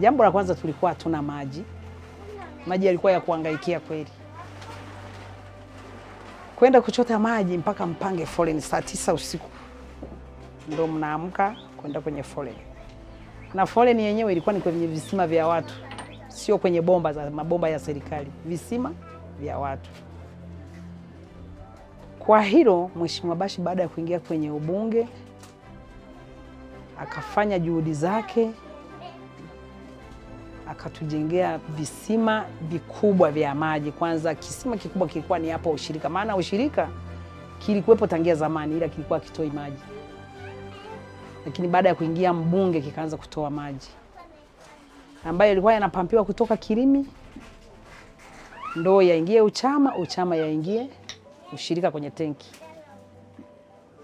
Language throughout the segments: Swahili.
Jambo la kwanza tulikuwa hatuna maji, maji yalikuwa ya kuangaikia kweli, kwenda kuchota maji mpaka mpange foleni saa tisa usiku ndo mnaamka kwenda kwenye foleni, na foleni yenyewe ilikuwa ni kwenye visima vya watu, sio kwenye bomba za mabomba ya serikali, visima vya watu. Kwa hilo Mheshimiwa Bashe baada ya kuingia kwenye ubunge akafanya juhudi zake akatujengea visima vikubwa vya maji. Kwanza kisima kikubwa kilikuwa ni hapa ushirika, maana ushirika kilikuwepo tangia zamani, ila kilikuwa kitoi maji, lakini baada ya kuingia mbunge kikaanza kutoa maji ambayo ilikuwa yanapampiwa kutoka Kilimi, ndo yaingie Uchama, Uchama yaingie ushirika kwenye tenki.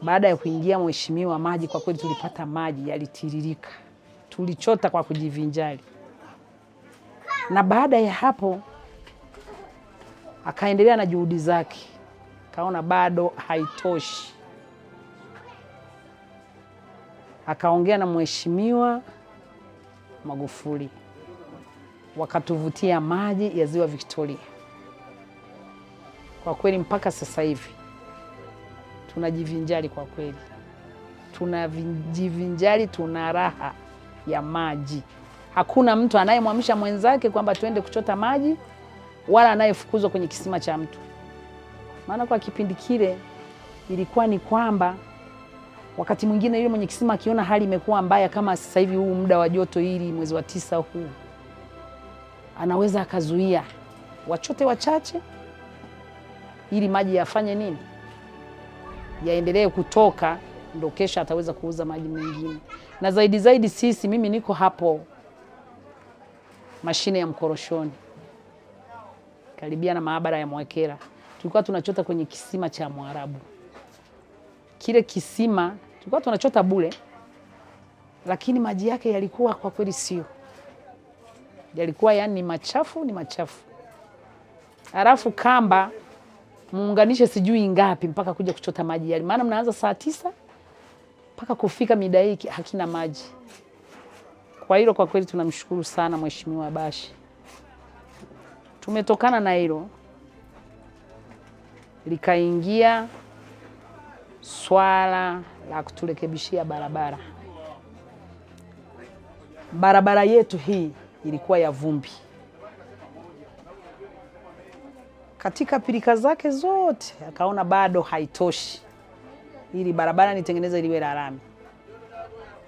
Baada ya kuingia mheshimiwa, maji kwa kweli tulipata maji yalitiririka, tulichota kwa kujivinjari na baada ya hapo akaendelea na juhudi zake, kaona bado haitoshi, akaongea na mheshimiwa Magufuli, wakatuvutia maji ya ziwa Victoria. Kwa kweli mpaka sasa hivi tunajivinjari, kwa kweli tunajivinjari, tuna raha ya maji. Hakuna mtu anayemwamsha mwenzake kwamba tuende kuchota maji wala anayefukuzwa kwenye kisima cha mtu. Maana kwa kipindi kile ilikuwa ni kwamba wakati mwingine yule mwenye kisima akiona hali imekuwa mbaya, kama sasa hivi huu muda wa joto hili, mwezi wa tisa huu, anaweza akazuia wachote wachache, ili maji yafanye nini, yaendelee kutoka, ndo kesha ataweza kuuza maji mengine. Na zaidi zaidi, sisi mimi niko hapo mashine ya mkoroshoni karibia na maabara ya mwekera tulikuwa tunachota kwenye kisima cha Mwarabu. Kile kisima tulikuwa tunachota bure, lakini maji yake yalikuwa kwa kweli sio, yalikuwa yani ni machafu, ni machafu. Halafu kamba muunganishe sijui ngapi mpaka kuja kuchota maji yale, maana mnaanza saa tisa mpaka kufika mida hii hakina maji. Kwa hilo kwa kweli tunamshukuru sana Mheshimiwa Bashe. Tumetokana na hilo likaingia swala la kuturekebishia barabara. Barabara yetu hii ilikuwa ya vumbi katika pilika zake zote, akaona bado haitoshi, ili barabara nitengeneza iliwe la rami,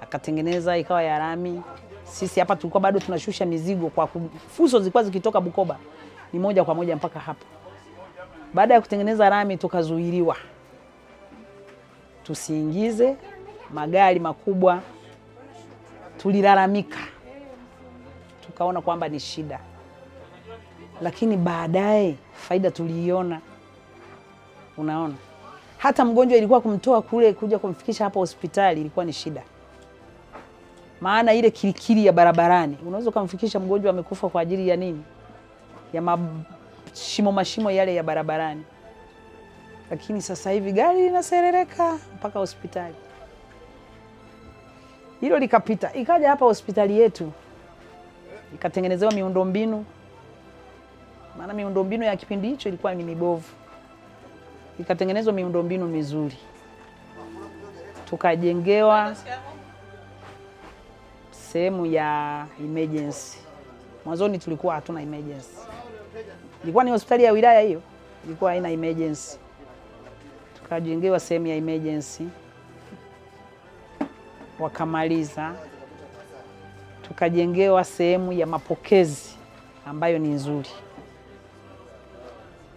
akatengeneza ikawa ya rami sisi hapa tulikuwa bado tunashusha mizigo kwa fuso zilikuwa zikitoka Bukoba ni moja kwa moja mpaka hapa. Baada ya kutengeneza rami, tukazuiliwa tusiingize magari makubwa. Tulilalamika, tukaona kwamba ni shida, lakini baadaye faida tuliiona. Unaona, hata mgonjwa ilikuwa kumtoa kule kuja kumfikisha hapa hospitali ilikuwa ni shida. Maana ile kilikili ya barabarani unaweza ukamfikisha mgonjwa amekufa kwa ajili ya nini? Ya mashimo mashimo yale ya barabarani. Lakini sasa hivi gari linaserereka mpaka hospitali. Hilo likapita, ikaja hapa hospitali yetu ikatengenezewa miundombinu, maana miundombinu ya kipindi hicho ilikuwa ni mibovu. Ikatengenezwa miundombinu mizuri, tukajengewa sehemu ya emergency. Mwanzoni tulikuwa hatuna emergency, ilikuwa ni hospitali ya wilaya hiyo, ilikuwa haina emergency, tukajengewa sehemu ya emergency, wakamaliza, tukajengewa sehemu ya mapokezi ambayo ni nzuri,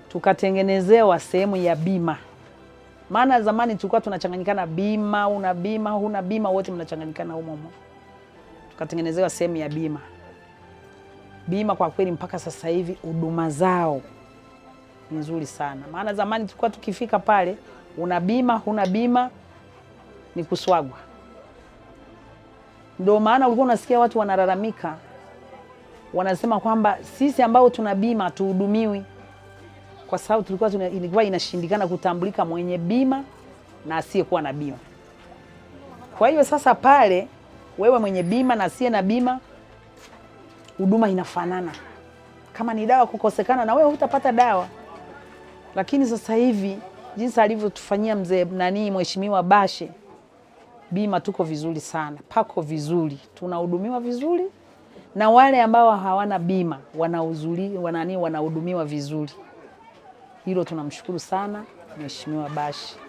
tukatengenezewa sehemu ya bima maana zamani tulikuwa tunachanganyikana bima, una bima, huna bima, wote mnachanganyikana humo humo tukatengenezewa sehemu ya bima. Bima kwa kweli mpaka sasa hivi huduma zao ni nzuri sana, maana zamani tulikuwa tukifika pale, una bima huna bima ni kuswagwa. Ndio maana ulikuwa unasikia watu wanalalamika, wanasema kwamba sisi ambao tuna bima hatuhudumiwi, kwa sababu tulikuwa tuna, ilikuwa inashindikana kutambulika mwenye bima na asiyekuwa na bima. Kwa hiyo sasa pale wewe mwenye bima na asiye na bima, huduma inafanana. Kama ni dawa kukosekana, na wewe hutapata dawa. Lakini sasa hivi jinsi alivyotufanyia mzee nani, mheshimiwa Bashe, bima tuko vizuri sana, pako vizuri, tunahudumiwa vizuri, na wale ambao hawana bima wanahudumiwa vizuri. Hilo tunamshukuru sana mheshimiwa Bashe.